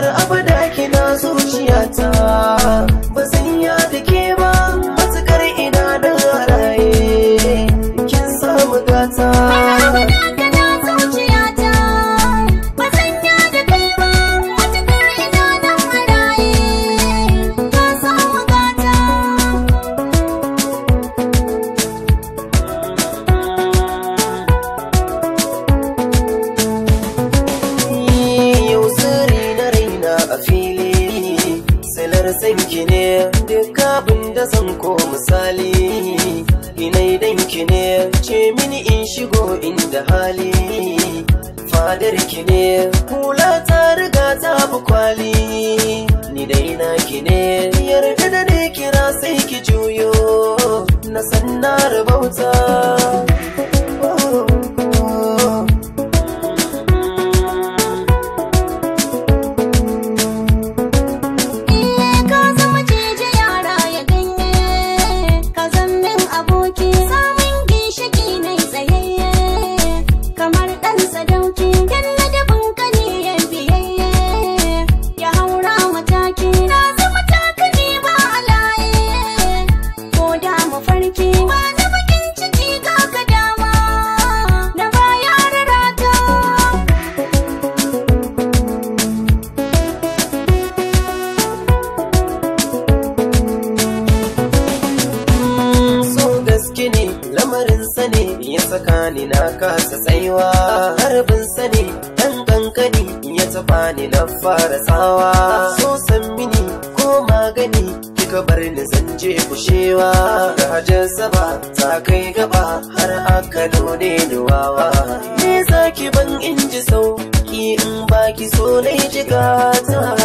har abada kina zuciyata san sanki ne duk abin da zan ko misali inai idan ki ne ce mini in shigo inda hali fadar ki ne kula ta riga ta fi kwali ni da ina ki ne yarda da ne kira sai ki juyo na san bauta I don't think lamarin ne ya saka ni na kasa tsaiwa harbin sani dan kankani ya tafa ni na fara tsawa so san mini ko magani kika bar ni zanje kushewa da hajjar saba ta kai gaba har aka dole ni wawa me zaki ban inji sauki in baki so na ji